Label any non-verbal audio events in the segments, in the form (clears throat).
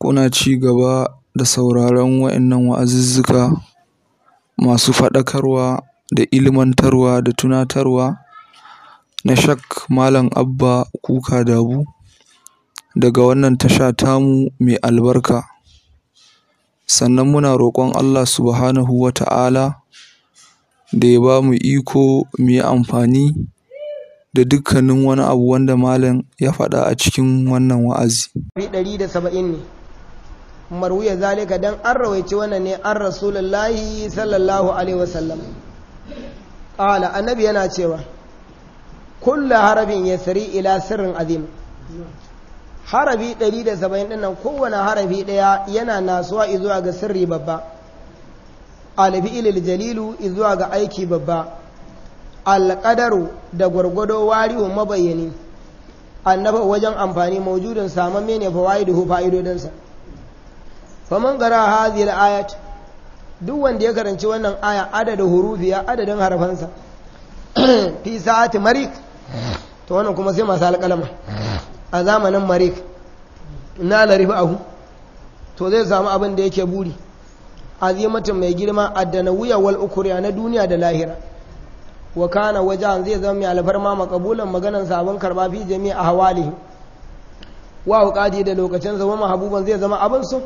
kuna ci gaba da sauraron waɗannan wa'azuzzuka masu faɗakarwa da ilmantarwa da tunatarwa na Shak Malam Abba Kuka Dabu daga wannan tasha tamu mai albarka. Sannan muna roƙon Allah Subhanahu wa ta'ala da ya ba mu iko mu yi amfani da dukkanin wani abu wanda malam ya faɗa a cikin wannan wa'azi. ɗari da saba'in ne. marwiya zalika dan an rawaici wannan ne an rasulullahi sallallahu alaihi wasallam qala annabi yana cewa kullu harabin yasri ila sirrin azim harabi 170 dinnan kowane harabi daya yana nasuwa zuwa ga sirri babba alfiilil jalilu zuwa ga aiki babba alƙadaru da gwargwado wariwa mabayyani annaba wajen amfani maujudin samamme ne fawaiduhu fa'idodinsa faman gara hadhihi al-ayat duk wanda ya karanci wannan aya adadin ya adadin harafansa (clears throat) fi sa'ati marik to wannan kuma sai masu alƙalama a zamanin marik na larifi ahu to zai samu abin da yake buri azimatin mai girma addana wuya wal ukuriya na duniya da lahira wa kana wajen zai zama mai alfarma makabulan maganan sabon karba fi jami'a a Hawali. wa hukadi da lokacin zama mahabuban zai zama abin su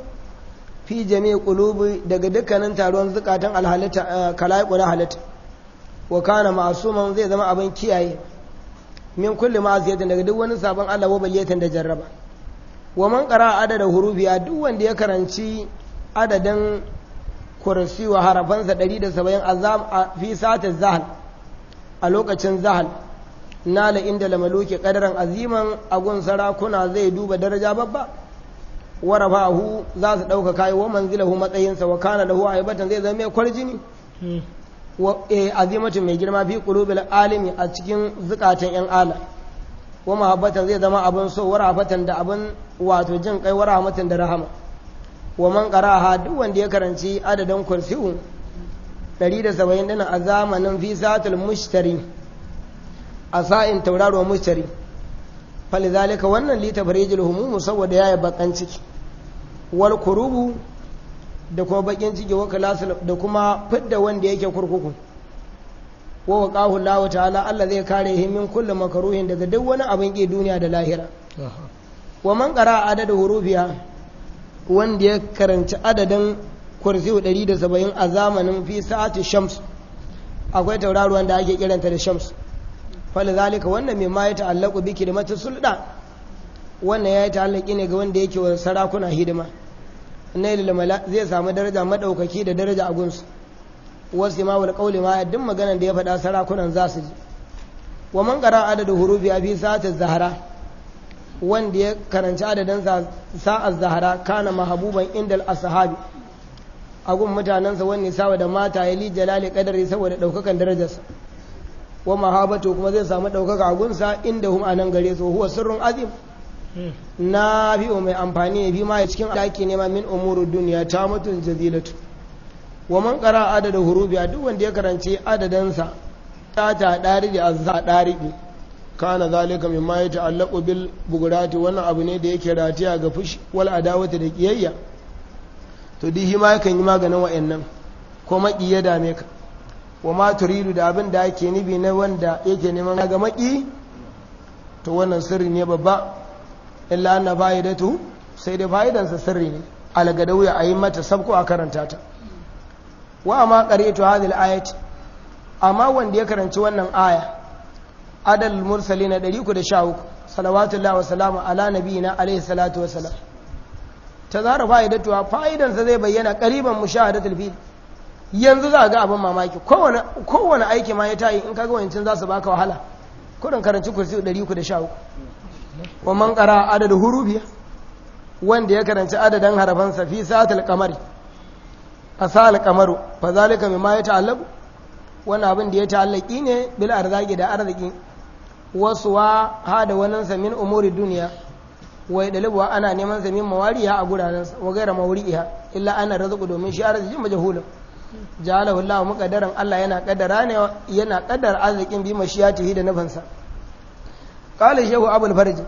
fi jami kulubi daga dukkanin taruwan zukatan alhalata eh, kalaku na halitta wa kana ma'suman zai zama abin kiyaye min kulli ma'asiyatin daga duk wani sabon Allah wa baliyatan da jarraba wa man qara adada a duk wanda ya karanci adadin kursi wa harafansa 170 azam fi sata zahal a lokacin zahal nala inda lamaluki kadaran aziman agun sarakuna zai duba daraja babba wa za su dauka kai wa manzilahu matsayinsa wa kana lahu aibatan zai zama mai kwarjini hmm. wa eh, azimatu mai girma fi qulubil alimi a cikin zukatan yan ala wa mahabbatan zai zama abin so wa rafatan da abin wato jin kai wa da rahama wa man qaraha duk wanda ya karanci adadin kursi'u 170 dana a zamanin fi satul mushtari a sa'in tauraro mushtari falizalika wannan litafarijul humumu saboda yayi bakan ciki wal kurubu da kuma bakin ciki wa kalasul da kuma fidda wanda yake kurkuku wa waqahu Allah ta'ala Allah zai kare shi min kullu makruhin daga duk wani abin ke duniya da lahira wa man qara adadu hurufiya wanda ya karanci adadin kursi 170 a zamanin fi sa'ati shams akwai tauraruwan da ake kiranta da shams fal zalika wannan mai ma ya ta'allaku bi kalimatu sulda wannan ya yi ta'allaki ne ga wanda yake wa sarakuna hidima nailul zai samu daraja maɗaukaki da daraja a gunsu wasu ma wal qawli ma duk maganar da ya faɗa sarakunan za su ji wa man ƙara adadin hurufi a fi az zahara wanda ya karanci adadin sa'a zahara kana mahabuban indal a gun mutanensa wani sawa da mata ya li jalali kadari saboda ɗaukakan darajarsa wa mahabatu kuma zai samu a gunsa inda hum nan gare su huwa sirrin azim na biyu mai amfani ne biyu ma ya cikin ne nema min umuru duniya ta mutun jazilatu wa man ƙara adada hurubiya duk wanda ya karanci adadansa ta ta daridi azza daridi kana zalika ma ya ta'allaqu bil bugurati wannan abu ne da yake ratiya ga fushi wal adawata da kiyayya to duk shi ma yakan yi maganin wa'annan ko maƙi ya dame ka wa ma turidu da abin da ake nibi na wanda yake neman ga maƙi. to wannan sirri ne babba illa anna fa'idatu sai dai fa'idansa sirri ne algada a yi mata sabko a karanta ta wa ma qari'tu hadhihi al-ayat amma wanda ya karanci wannan aya adal mursalina 313 salawatullahi wa salamu ala nabiyina alayhi salatu wa salam ta zara fa'idatuwa fa'idansa zai bayyana qariban mushahadatul fil yanzu za a ga abin mamaki kowane aiki ma ya tayi in kaga wancan za su baka wahala kudin karanci kursi 313 wa man qara adad hurubiya wanda ya karanci adadin harfan sa fi sa'atil qamari asal qamaru fa zalika mimma ta'allabu wannan abin da ya ta'allaki ne bil arzaki da arziki wasuwa hada wannan sa min umuri duniya wai dalibuwa ana neman sa min mawariya a guraren sa wa gaira mawariya illa ana razaqu domin shi arzikin majhulun jalahu Allah muqaddaran Allah yana kaddara ne yana kaddara arzikin bi mashiyatihi da nafansa qala shehu abul farji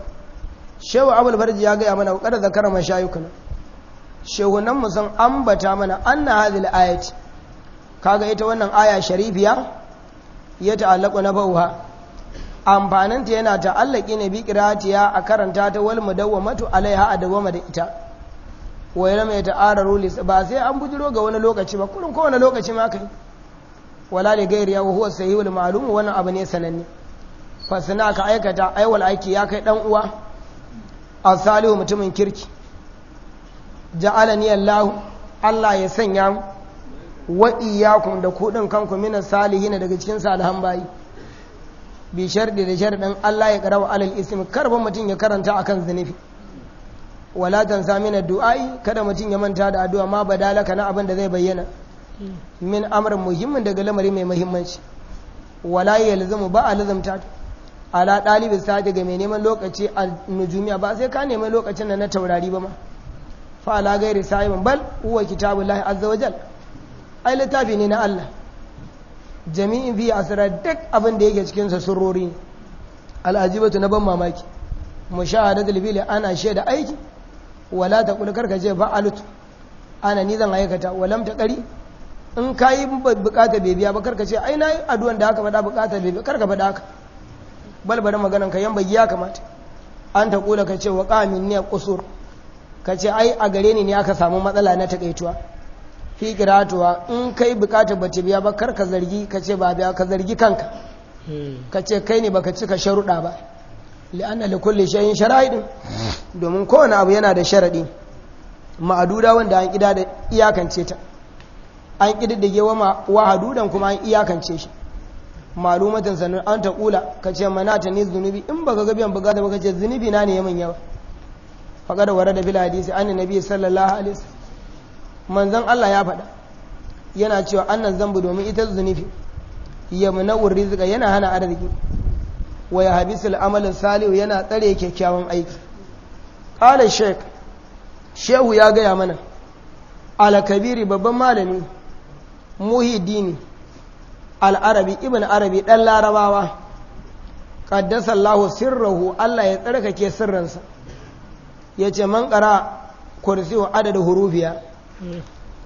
shehu abul farji ya gaya mana kada zakara man shayukuna shehu nan sun ambata mana anna hadhihi kaga ita wannan aya sharifiya ya ta'allaka na bauha amfaninta yana ta'allaki ne bi qira'atiya a karanta ta wal mudawwamatu alaiha a da ita wa yana mai ta'ara rulis ba sai an bujiro ga wani lokaci ba kullum kowane lokaci ma kai wala li ghairi ya huwa sahihul ma'lum wannan abu ne sananne fasina ka aikata aiwal aiki ya kai dan uwa a salihu mutumin kirki ja'alani allahu allah ya sanya ya kun da kudin kanku minas salihin daga cikin salihan bayi bi sharɗi da sharɗin allah ya karawa alal ismi karban mutum ya karanta akan zunubi wala sami na du'a'i kada mutum ya manta da addu'a ma badalaka na abin da zai bayyana min amrin muhimmin daga lamari mai muhimmanci wala yalzumu ba a ala ɗalibin sa daga mai neman lokaci a nujumiya ba sai ka neman lokacin da na taurari ba ma fa ala gairi sa'ibin bal huwa kitabullahi azza wajal ai littafi ne na Allah jami'in a asira duk abin da yake cikin sa surrori al'ajibatu na ban mamaki mushahadatul bil ana shaida aiki wala ta kula karka je fa'altu ana ni zan aikata walam ta kari in kayi bukata bai biya ba karka ce ai nayi addu'an da aka faɗa bukata bebiya biya karka faɗa haka balbarin maganan ka yan bai ya kamata an ta kula ka ce wa qamin ne kusur. ka ce ai a gare ni ne aka samu matsala na takaituwa fi kiratuwa in kai bukata ba ta biya ba kar ka zargi ka ce ba biya ka zargi kanka ka ce kai ne baka cika sharuɗa ba li'anna li kulli shay'in shara'idin domin kowane abu yana da sharadi ma'aduda wanda an kida da iyakance ta an kididdige wa hadudan kuma an iyakance shi malumatan sannan an ta kula ka ce mana ta ne zunubi in baka ga biyan bukata ba ka ce zunubi na ne ya manya ba faƙa da wara da fila hadisi an nabi sallallahu alaihi wasallam manzon Allah ya faɗa yana cewa annan zambu domin ita zunubi ya mana rizqa yana hana arziki wa ya habisul amalin salihu yana tsare kyakkyawan aiki qala shaykh shehu ya gaya mana alkabiri babban malami muhiddini al'arabi ibn arabi ɗan larabawa ƙaddasa Allah sirrahu Allah ya tsarkake sirrinsa. ya ce man ƙara kursiyo adadin hurufiya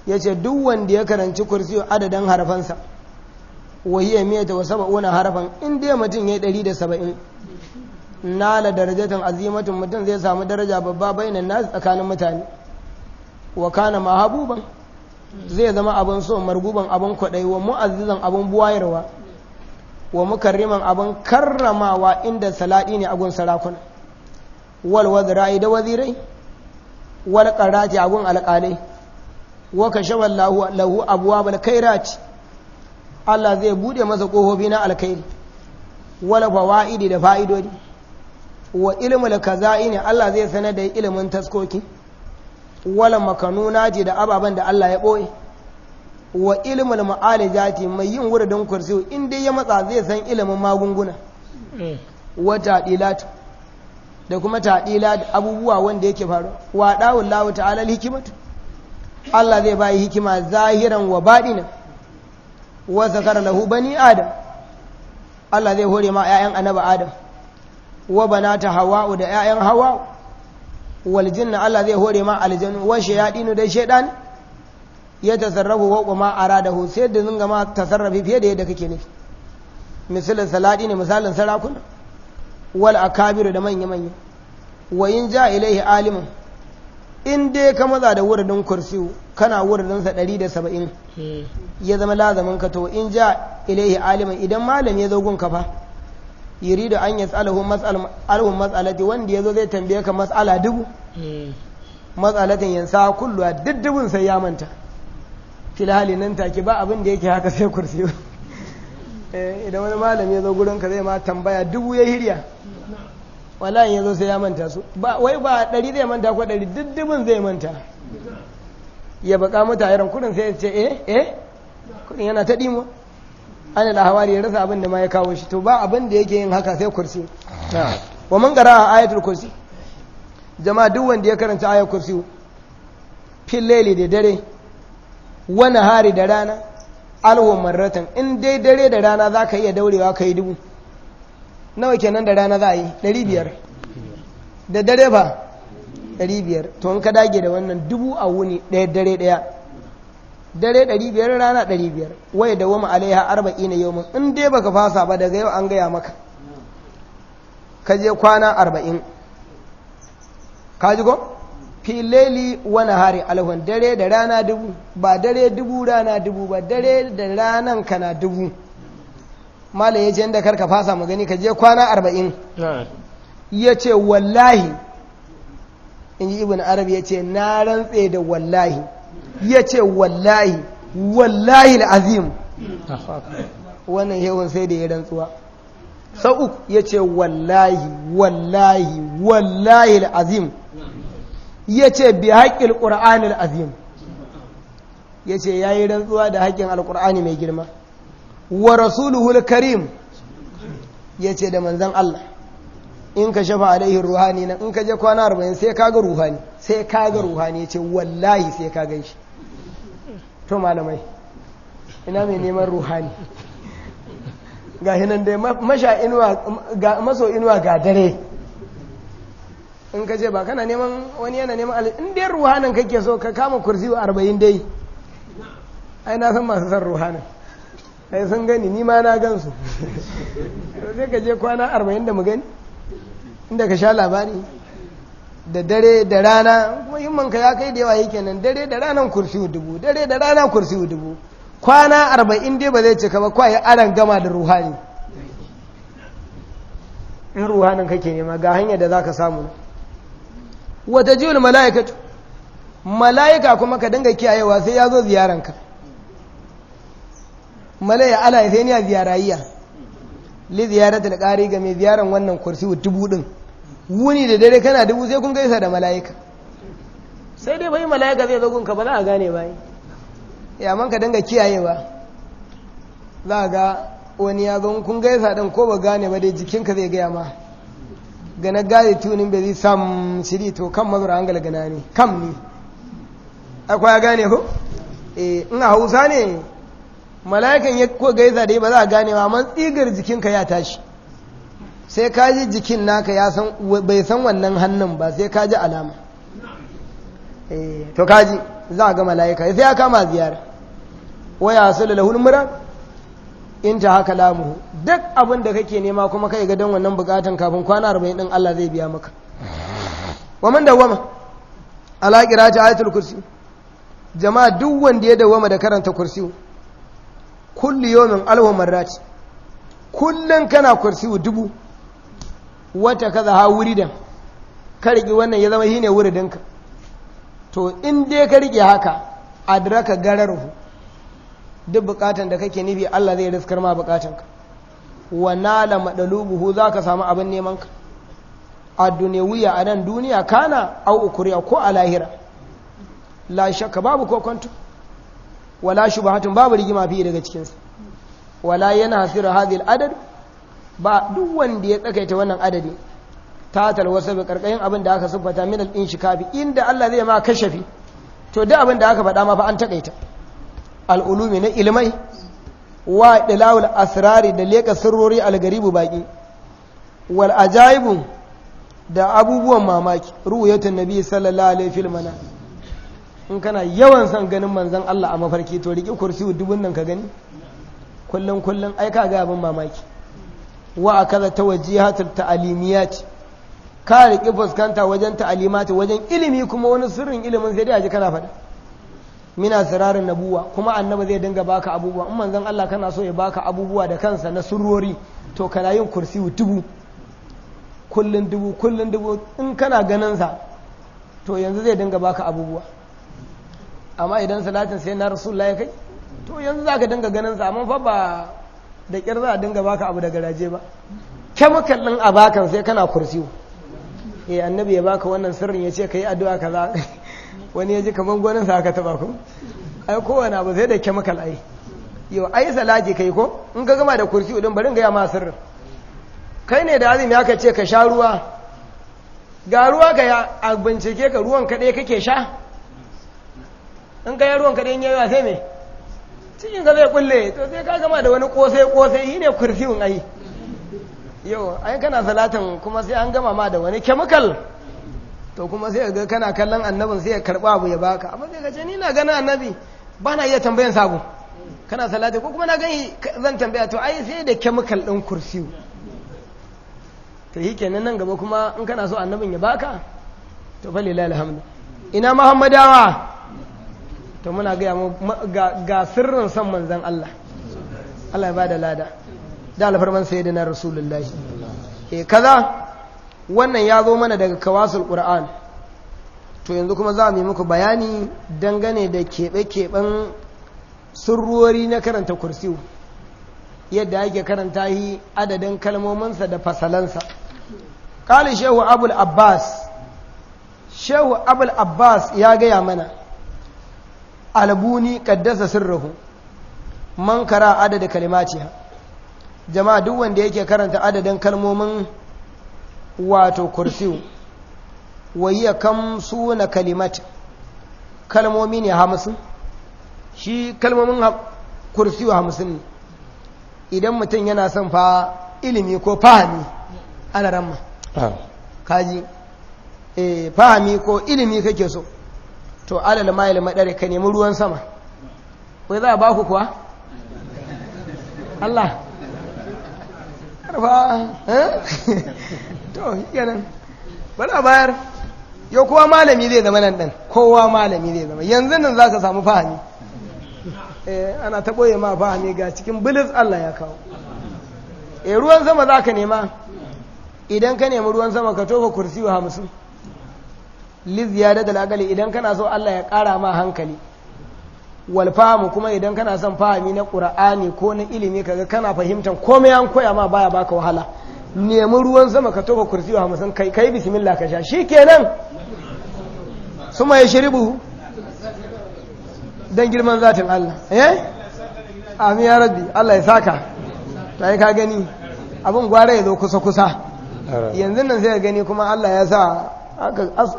ya ce duk wanda ya karanci kursiyo adadin harafansa wahiyya miyata wasa ba'una harafan in ya mutum ya yi ɗari da saba'in nala darajatan azimatun mutum zai samu daraja babba bainan nasu tsakanin mutane wa kana mahabuban zai zama abin so marguban abin kwaɗai wa mu'azzizan abin buwayarwa wa mukarriman abin karramawa inda salaɗi ne agun sarakuna wal wazirai da wazirai wal qarati agun alƙalai wa kashawa lahu abuwa bal khairati Allah zai bude masa ƙofofi na alkhairi wal fawaidi da fa'idodi wa ilmul ne Allah zai sanar da ilimin taskoki wala makanuna ce da ababen da Allah ya ɓoye wa ilimin ma'alija ce mai yin wuridin kursi in dai ya matsa zai san ilimin magunguna mm. wa taɗilat da kuma taɗilat abubuwa wanda yake faru wa ɗawun lawu ta'alal hikimatu Allah zai bayi hikima zahiran wa baɗina wa zakar lahu bani adam Allah zai hore ma 'ya'yan annabi adam wa banata hawa'u da 'ya'yan hawa'u wal jinna Allah zai hore ma aljanu wa shayadinu da shaydan ya tasarrafu wa kuma aradahu sai da zunga ma tasarrafi fiye da yadda kake nufi misalin saladi ne misalin sarakuna wal akabiru da manya manya wa in ja ilaihi alimun in dai ka maza da wuridin kursi kana wuridin sa 170 ya zama lazamin ka to in ja ilaihi alimun idan malam ya zo gun fa yuridu an yas'aluhu mas'alahu mas'alati wanda ya zo zai tambaye ka mas'ala dubu hmm. mas'alatin yansa kullu duk dubun sai ya manta fil hali nan take ba abin da yake haka sai kursi (laughs) eh, idan wani malami ya zo gurin ka zai ma tambaya dubu ya hirya wala ya zo sai ya manta su wai ba ɗari zai manta ko ɗari duddubin zai manta ya baka mutane kudin sai ya ce eh eh kudin yana ta ɗimo da hawari ya rasa abin da ma ya kawo shi to ba abin da yake yin haka sai kursi wa mun gara a ayatul kursi jama'a duk wanda ya karanta ayatul kursi fil da dare wani hari da rana alhu marratan in dai dare da rana zaka iya daurewa kai dubu nawa kenan da rana za a yi biyar da dare ba biyar to in ka dage da wannan dubu a wuni daya dare daya. dare 500 rana 500 wai da wama alaiha arba'ina yau in dai baka fasa ba daga yau an gaya maka ka je kwana 40 ka ji ko fileli wani hari alhun dare da rana dubu ba dare dubu rana dubu ba dare da ranan kana dubu mala ya ce inda karka fasa magani ka je kwana arba'in ya ce wallahi in ji ibn arab ya ce na rantse da wallahi ya ce wallahi wallahi al'azim ah. wannan yawon sai da ya rantsuwa sau uku ya ce wallahi wallahi wallahi al'azim ya ce bi haƙƙin ƙura'an al'azim ya ce ya yi rantsuwa da haƙƙin al'ur'ani mai girma wa rasuluhul karim ya ce da manzan Allah in ka shafa alaihi ruhani na in ka je kwana arba'in sai ka ga ruhani sai ka ga ruhani ce wallahi sai ka gan shi to malamai ina mai neman ruhani ga hinan dai masha inuwa maso inuwa ga dare in ka je ba kana neman wani yana neman alaihi in dai ruhanin kake so ka kama kursi arba'in dai ai na san masu san ruhanin ai sun gani ni ma na gan su (laughs) sai ka je kwana arba'in da mu gani inda ka sha labari da dare da rana kuma himmanka ya kai da yawa yake nan dare da ranan kursi dubu dare da rana kursi dubu kwana arba'in dai ba zai cika ba kwaye aran gama da ruhani in ruhanin kake nema ga hanyar da za ka samu wata jiwul mala'ika mala'ika kuma ka dinga kiyayewa sai ya zo ziyaranka Mala'ika ala ya sai ni a ziyarayya li ziyarar da ƙari game mai ziyaran wannan kursi dubu ɗin wuni da dare kana dubu sai kun gaisa da mala'ika sai dai bai mala'ika zai zagun ka ba za a gane bai ya eh, man ka dinga ba za a ga wani ya zan kun gaisa din ko ba gane ba dai jikinka zai gaya ma gana gane tunin bai zai sam shiri to kan mazura an galgana ne kam ne akwai ya gane ko eh ina hausa ne mala'ikan ya ko gaisa dai ba za a gane ba man tsigar jikinka ya tashi sai ka ji jikin naka ya san bai san wannan hannun ba sai ka ji alama eh, to kaji za a ga mala'ika sai ya kama ziyara waya su lahul mura in ta haka lamuhu duk abin da kake nema kuma kai ga don wannan bukatan kafin kwana arba'in din Allah zai biya maka wa man dawama ala qira'ati ayatul kursi jama'a duk wanda ya dawama da karanta kursi kullu yawmin alhu marrat kullun kana kursi dubu wata ka zaha wuri da karki wannan ya zama shine wuridinka to in dai ka riƙe haka adraka gararhu duk bukatan da kake nufi Allah zai riskar ma bukatanka wa nala madalubuhu zaka samu abin neman ka a duniyawiya a nan duniya kana au ukuriya ko a lahira la shakka babu kokonto wala shubhatun babu rigima fi daga cikinsa wala yana hasira hadhihi al-adad ba duk wanda ya tsakaita wannan adadi ta talwasa bi karkayin abin da aka siffata min al inshikabi inda Allah zai ma kashafi to duk abin da aka faɗa ma fa an takaita al ulumi na ilmai wa dilawul asrari da leka sirrori al garibu baki wal ajaibu da abubuwan mamaki ruwayatun nabi sallallahu alaihi fil sallam in kana yawan son ganin manzon Allah a mafarki to riki kursi dubun nan ka gani kullun kullun ai ka ga abin mamaki wa akaza tawjihatul ta'alimiyat ka riƙi fuskanta wajen ta'alimati wajen ilimi kuma wani sirrin ilimin sai dai aji kana faɗa mina sirarin nabuwa kuma annabi zai dinga baka abubuwa in manzon Allah kana so ya baka abubuwa da kansa na surori to kana yin kursi dubu kullun dubu kullun dubu in kana ganin sa to yanzu zai dinga baka abubuwa amma idan salatin sai na rasulullahi kai to yanzu zaka dinga ganin sa amma fa ba da kyar za a dinga baka abu da garaje ba chemical din a bakan sai kana kursi. eh annabi ya baka wannan sirrin ya ce ka yi addu'a kaza (laughs) wani ya ji kamar gonin sa aka taba ku ai kowane abu sai da chemical ai yau ai salati kai ko in ka gama da kursi din bari ga ya ma sirrin kai ne da azumi aka ce ka sha ruwa ga ruwa ka a bincike ka ruwan kaɗai kake sha in ka yi ruwan kaɗai wa sai me cikin ka zai kulle to sai ka gama da wani kosai kosai shine kursiyun ai yau ai kana salatin kuma sai an gama ma da wani chemical to kuma sai ga kana kallon annabin sai ya karba abu ya baka amma sai ka ce ni na ganin annabi ba na iya tambayan sabo kana salati ko kuma na gani zan tambaya to ai sai da chemical din kursiyu to yi kenan nan gaba kuma in kana so annabin ya baka to fa lillahi alhamdu ina muhammadawa to muna gaya ga sirrin san manzan Allah Allah ya bada lada da alfarman na rasulullahi eh kaza wannan ya zo mana daga kawasul qur'an to yanzu kuma za mu yi muku bayani dangane da keɓe-keɓen surruwari na karanta kursiyu yadda ake karanta yi adadin kalmominsa da fasalansa ƙali shehu abul abbas shehu abul abbas ya gaya mana albuni kaddasa sirruhu man kara adada kalimatiya jama'a duk wanda yake karanta adadin kalmomin wato kursiyu wayiya kam suna kalimat kalmomi ne hamsin shi kalmomin kursiyu hamsin ne idan mutum yana son fa ilimi ko fahami ana ramma ah. kaji eh, fahami ko ilimi kake so to alal mayil madare ka nemi ruwan sama wai za a ba ku kuwa Allah karfa eh? (laughs) to yanan bana bayar yau kowa malami zai zama nan ɗan kowa malami zai zama yanzu nan za ka samu fahami eh, ana ta ma fahami ga cikin bilis Allah ya kawo eh, ruwan sama za ka nema idan ka nemi ruwan sama ka tofa kursi wa hamsin liz ya da lagali idan kana so Allah ya kara ma hankali wal kuma idan kana son fahami na ƙura'ani ko na ilimi kaga kana fahimtar komai an koya ma baya baka wahala nemi ruwan sama ka toka kursi wa hamsin kai kai bismillah ka sha shi kenan su mai shiribu don girman zatin Allah eh amin ya rabbi Allah ya saka ta yi ka gani abin gwara ya zo kusa-kusa yanzu nan sai gani kuma Allah ya sa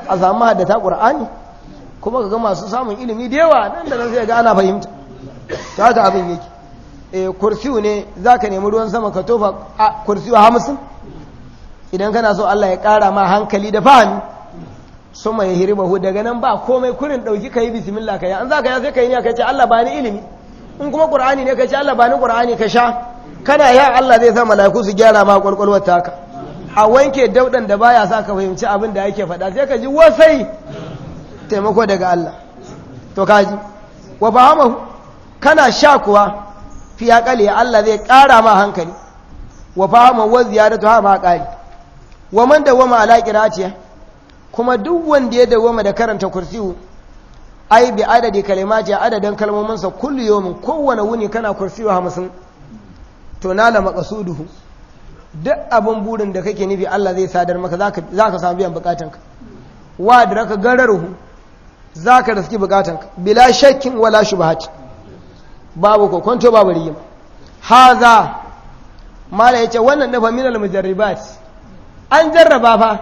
a samu haddata ƙur'ani kuma ga masu samun ilimi da yawa nan da nan sai ga ana fahimta ta haka abin yake eh, kursiyu ne za ka nemi ruwan sama ka tofa a hamsin idan kana so Allah ya ƙara ma hankali da fahimi sun mai hu, daga nan ba komai kurin ɗauki ka yi bismillah ka yi an za ka yi ka yi ne ka ce Allah ba ni ilimi kuma ƙur'ani ne ka ce Allah ba ƙur'ani ka sha kana ya Allah zai sa malaku su gyara ma ƙwaƙwalwar taka a wanke daudan da baya sa ka fahimci abin da yake faɗa sai ka ji wasai taimako daga Allah to kaji wa fahama kana sha kuwa fi aqali Allah zai ƙara ma hankali wa fahama wa ziyadatu ha ma qali wa man dawama ala qira'atiha kuma duk wanda ya dawama da karanta kursiyu ai bi adadi kalimati adadin sa kullu yawmin kowane wuni kana kursiyu 50 to nala maqasuduhu duk abin burin da kake nufi Allah zai sadar maka za ka samu biyan bukatanka wa da raka gararuhu za ka raski bukatanka bila shakkin wala haci. babu kokonto babu rigima haza mala ce wannan na faminal mujarribat an jarraba fa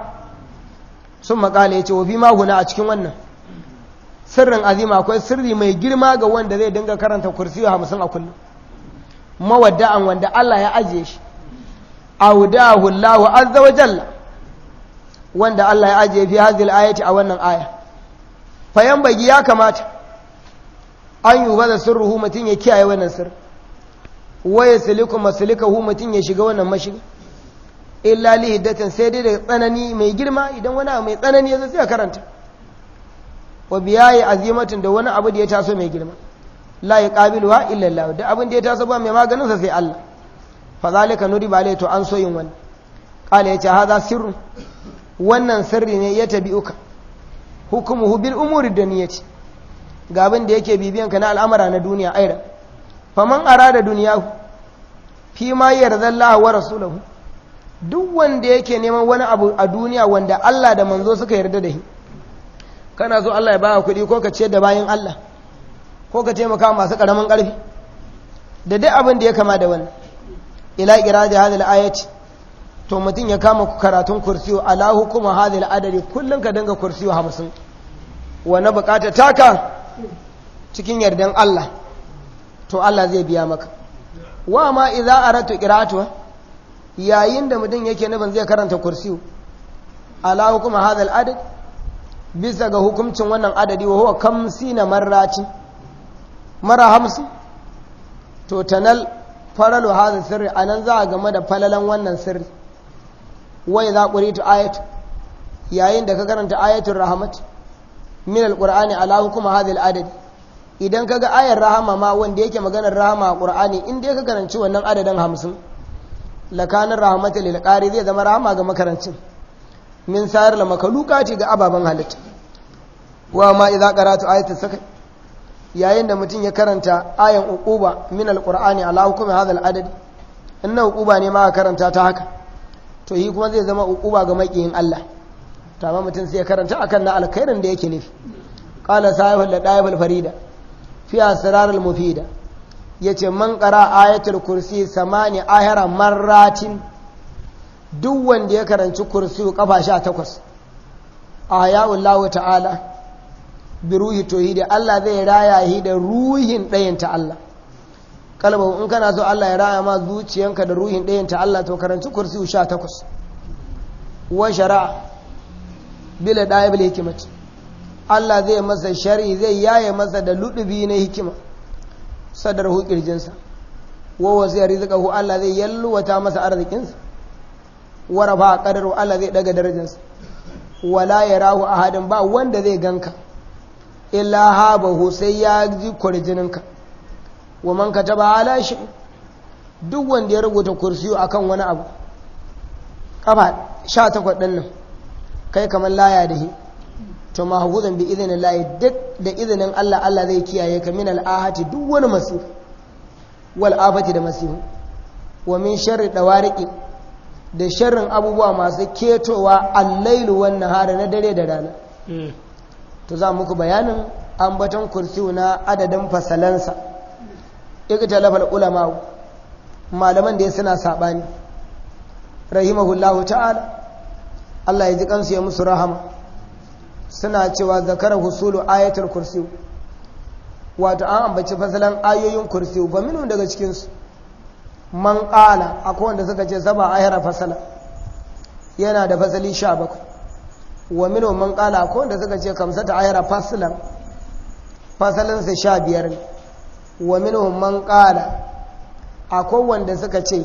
sun makala yace wa fi maguna a cikin wannan sirrin azima akwai sirri mai girma ga wanda zai dinga karanta kursiyo hamsin a kullum mawadda'an wanda Allah ya ajiye shi audahu Allahu azza wa jalla wanda Allah ya ajiye fi hadhihi ayati a wannan aya fayan bagi ya kamata an yi da sirruhu mutum ya kiyaye wannan sirri waya siliku masilikahu mutum ya shiga wannan mashiga illa lihiddatin sai dai da tsanani mai girma idan wani mai tsanani ya zo sai karanta wa biyayi azimatin da wani abu da ya taso mai girma la ya qabiluha illa Allah da ya taso ba mai maganin sa sai Allah fa nuri ba to an so yin wani Kala yace haza sirru wannan sirri ne ya uka hukumu bil umuri daniyati ga abin da yake bibiyan ka na al'amara na duniya aira faman arada duniya fi ma yarda Allah wa rasulahu duk wanda yake neman wani abu a duniya wanda Allah da manzo suka yarda da shi kana so Allah ya baka kuɗi ko ka ciyar da bayan Allah ko ka taimaka masu ƙaramin ƙarfi da duk abin da ya kama da wannan ila iradi hadhihi al-ayati to mutum ya kama karatun kursiyo ala hukuma hadhihi al-adadi kullum ka dinga kursiyo 50 wani bukata taka cikin yardan Allah to Allah zai biya maka wa ma idza aratu qira'atuha yayin da mutum yake ban zai karanta kursiyo ala hukuma hadhihi al bisa ga hukuncin wannan adadi wa huwa kamsina marrati mara hamsin to tanal faralu hadha sirri anan za a game da falalan wannan sirri wai za quritu ayat yayin da ka karanta ayatul rahmat min alqur'ani ala hukuma hadha adad idan kaga ayar rahama ma wanda yake maganar rahama a qur'ani in dai ka karanci wannan adadin 50 lakanin rahmatil lil qari zai zama rahama ga makarancin min sayar la makaluka ce ga ababen halitta wa ma idza qara'tu ayatul sakai yayin da mutum ya karanta ayan uquba min alqur'ani ala hukmi hadha aladad in na uquba ne ma karanta ta haka to yi kuma zai zama uquba ga makiyin Allah to amma mutum sai ya karanta akan na alkhairin da yake nufi qala sahibul ladaiful farida fi asrarul mufida yace man qara ayatul kursi samani ahara marratin duk wanda ya karanci kursi kafa 18 ayatul lahu ta'ala bi ruhi tauhidi Allah zai raya shi da ruhin ɗayan ta Allah kalbau in kana so Allah ya raya ma zuciyanka da ruhin ɗayan ta Allah to karanci kursi sha takwas wa shari'a bila ɗaya bila hikimati Allah zai masa shari'i zai yaye masa da luɗubi na hikima sadar hu kirjinsa wa wasiya rizqahu Allah zai yalwata masa arzikinsa a rafa qadaru Allah zai daga darajarsa wala a hadin ba wanda zai ganka illa habahu sai ya ji kwarjininka wa man ka taba ala shi duk wanda ya rubuta kursiyo akan wani abu kafa sha takwas ɗin nan kai kamar laya da hi to ma hukuzan bi izinin layi duk da izinin allah allah zai kiyaye ka min al'ahati duk wani masifu wal afati da masifu wa min sharri dawariki da sharrin abubuwa masu ketowa allailu wannan hara na dare da rana mm. to za muku bayanin ambaton kursi na adadin fasalansa ikitalafal ulama malaman da ya suna saɓani rahimahullahu ta'ala Allah ya ji kansu ya musu rahama suna cewa zakara husulu ayatul kursi. wato an ambaci fasalan ayoyin kursi ba minun daga cikinsu man ƙala akwai wanda suka ce saba ayara fasala yana da fasali sha wa minu man kala ko da suka ce ta ayara fasilan fasalin sa sha biyar wa minu man kala akwai wanda suka ce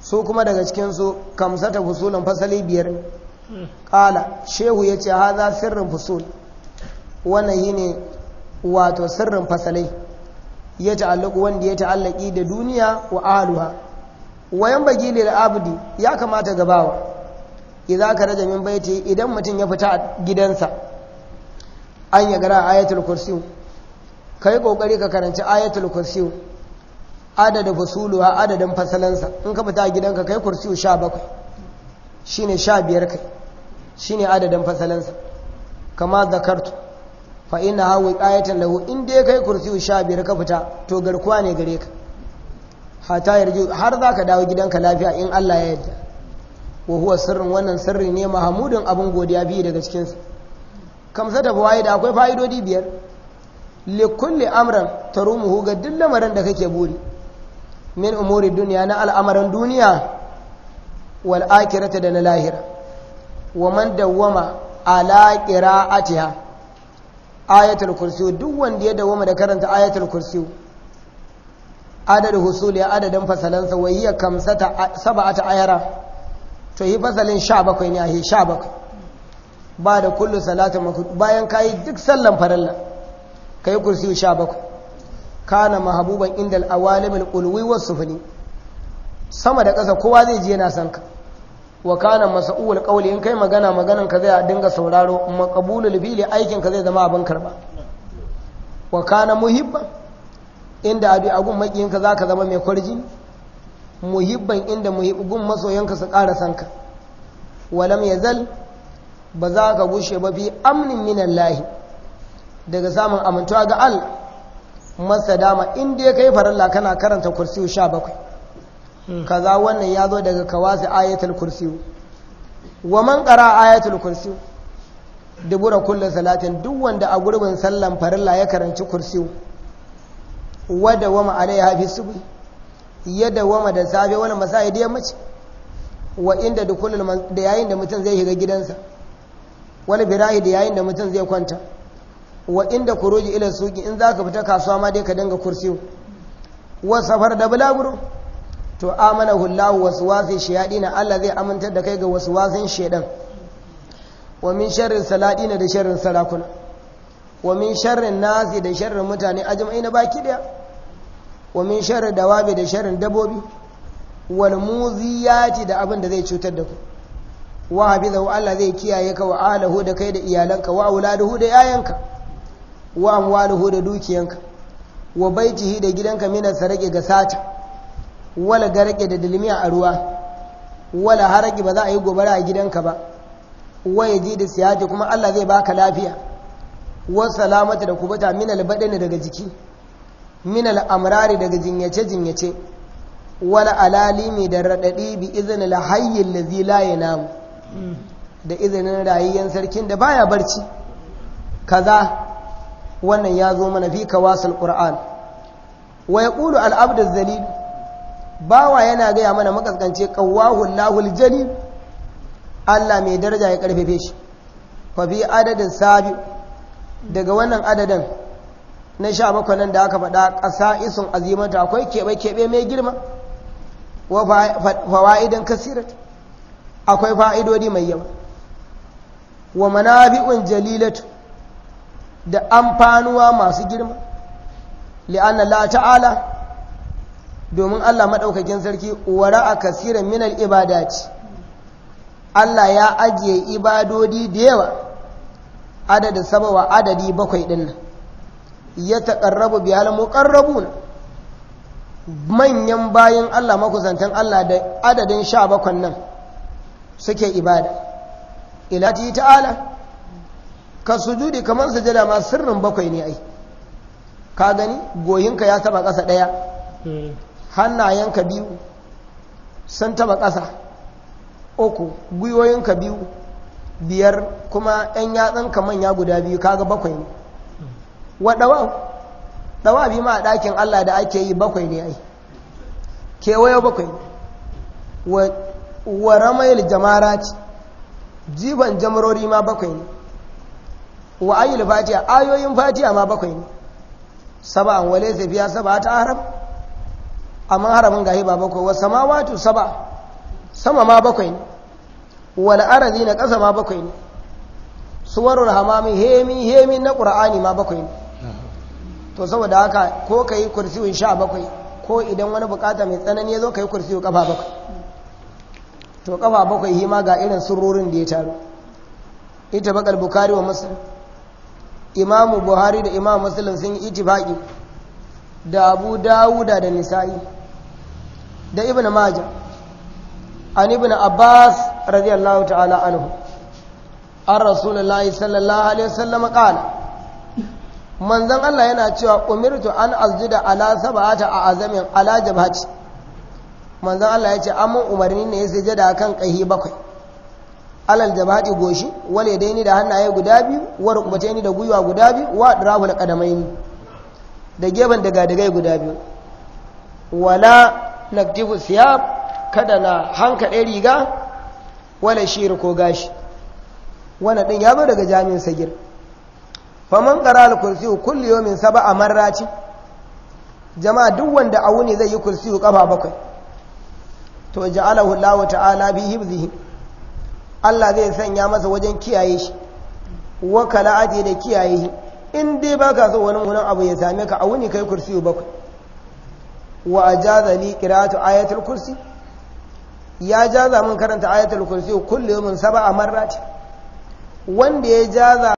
su kuma daga cikin su ta fusulan fasali biyar kala shehu yace haza sirrin fusul wannan ne wato sirrin fasalai ya ta'allaku wanda ya ta'allaki da duniya wa ahluha wayan bagili da abdi ya kamata gabawa idza raja min baiti idan mutum ya fita a gidansa an ya gara ayatul kursi kai kokari ka karanci ayatul kursi adadin fasuluwa adadin fasalansa in ka fita a gidanka kai kursi 17 shine 15 kai shine adadin fasalansa kama zakartu fa inna hawi ayatan lahu in dai kai kursi 15 ka fita to garkuwa ne gare ka hata yarju har zaka dawo gidanka lafiya in Allah ya yarda wa huwa sirrin wannan sirri ne mahamudin abin godiya biyu daga cikinsu kamsa da akwai fa'idodi biyar li kulli amran tarumuhu ga duk lamarin da kake buri min umuri duniya na al'amaran duniya wal akhirata da na lahira wa man dawwama ala qira'atiha ayatul kursi duk wanda ya dawwama da karanta ayatul kursi adadin husuli adadin fasalansa wa hiya kamsata sab'ata ayara to yi fasalin sha bakwai ne a yi sha bakwai ba da kullu salatu makudu bayan ka yi duk sallan farilla ka yi kursiyu sha bakwai kana mahabuban indal awalimin ulwi wasu fini sama da ƙasa kowa zai je yana son ka wa kana masa'ul qawli in kai magana maganan ka zai dinga sauraro maqbulul fili aikin ka zai zama abin karba wa kana muhibba inda abi agun makiyin ka zaka zama mai kwarji muhibban inda muhibbun masoyanka su ƙara sanka walam ya zal ba za ka gushe ba fi amnin minan lahi daga samun amintuwa ga al masa dama inda ya kai farilla kana karanta kursiyu sha bakwai kaza wannan ya zo daga kawasi ayatul kursiyu wa man ƙara ayatul kursiyu dubura kullum salatin duk wanda a gurbin sallan farilla ya karanci kursiyu wadda wa ma'ana ya hafi subi ya dawama da safe wani masaya da mace. wa inda dukulul da yayin da mutum zai shiga gidansa wani birahi da yayin da mutum zai kwanta wa inda kuruji ila suki in za ka fita kasuwa ma dai ka dinga kursi wa safar da bulaguro to amana hullahu wasu wasin shayadi na Allah zai amintar da kai ga wasu wasin shaidan wa min sharrin saladina da sharrin sarakuna wa min sharrin nasi da sharrin mutane ajma'ina baki daya wa min sharri dawabi da sharrin dabobi wal muziyati da abin da zai cutar da ku wa hafizahu Allah zai kiyaye ka wa alahu da kai da iyalanka wa auladuhu da yayanka wa amwaluhu da dukiyanka wa baitihi da gidanka mina sarake ga sata wala garake da dalmiya a ruwa wala haraki ba za a yi gobara a gidanka ba wa yaji da siyati kuma Allah zai baka lafiya wa salamata da kubuta min albadani daga jiki min al'amrari daga jinyace-jinyace wani alalimi da raɗaɗi bi izinin lahayyin lazi laye namu da izinin rayayyen sarkin da baya barci kaza wannan ya zo mana fi kawasul qur'an wa yaqulu al abd zalil bawa yana gaya mana makaskance qawwahu allahul jalil Allah mai daraja ya ƙarfafe shi fa adadin sabi daga wannan adadin na sha bakwai nan da aka faɗa ƙasa isun azimata akwai keɓe-keɓe mai girma wa fawa'idan kasirat akwai fa'idodi mai yawa wa manabi'un jalilatu da amfanuwa masu girma li'anna la ta'ala domin Allah maɗaukakin sarki wara a kasirin ibada ce. Allah ya ajiye ibadodi da yawa adadin sabawa adadi bakwai ɗin nan ya taƙarrabu biya hal muƙarrabu manyan bayan Allah makusantan Allah da adadin sha bakon nan suke ibada ila ji ta'ala ka sujudi kamar su jada ma sirrin bakwai ne ai ka gani goyinka ya taba ƙasa ɗaya hmm. hannayenka biyu sun taba ƙasa uku gwiwoyinka biyu biyar kuma 'yan yatsanka manya guda biyu kaga bakwai ne wa ɗawa ɗawa bi ma a ɗakin Allah da ake yi bakwai ne ai kewaye bakwai ne wa ramayil jamara ce jiban jamarori ma bakwai ne wa ayyul fatiya ayoyin fatiya ma bakwai ne saba an wale zafiya saba ta haram amma haramin gahi ba bakwai wa samawatu saba sama ma bakwai ne wal arazi na ƙasa ma bakwai ne suwarul hamami hemi hemi na ƙur'ani ma bakwai ne to saboda haka ko ka yi kursiyun sha bakwai ko idan wani bukata mai tsanani ya zo ka yi kursiyu kafa bakwai to kafa bakwai yi ma ga irin sururin da ya taru ita bakar bukari wa muslim imamu buhari da imamu musulun sun yi itifaki da abu dawuda da nisa'i da ibn maja an ibn abbas radiyallahu ta'ala anhu an rasulullahi sallallahu alaihi wasallam qala manzon Allah yana cewa umirtu an azjida ala sab'ata a azamin ala jabhati manzon Allah ya ce amma umarni ne ya sujada kan kahi bakwai alal jabhati goshi wale ni da hannaye guda biyu wa ni da gwiwa guda biyu wa dirabul qadamaini da gefen daga daga guda biyu wala naktifu siyab kada na hankaɗe riga wala shiri ko gashi wannan din ya zo daga jami'in sagir faman qara al-kursi kulli min sab'a a marrati jama'a duk wanda a wuni zai yi kursi kafa bakwai to ja'alahu Allah ta'ala bi hibzihi Allah zai sanya masa wajen kiyaye shi wa ajiye da kiyaye shi in dai baka so wani wunan abu ya same ka a wuni kai kursi bakwai wa a jaza li kiratu ayatul kursi ya jaza mun karanta ayatul kursi kullu min sab'a a marrati wanda ya jaza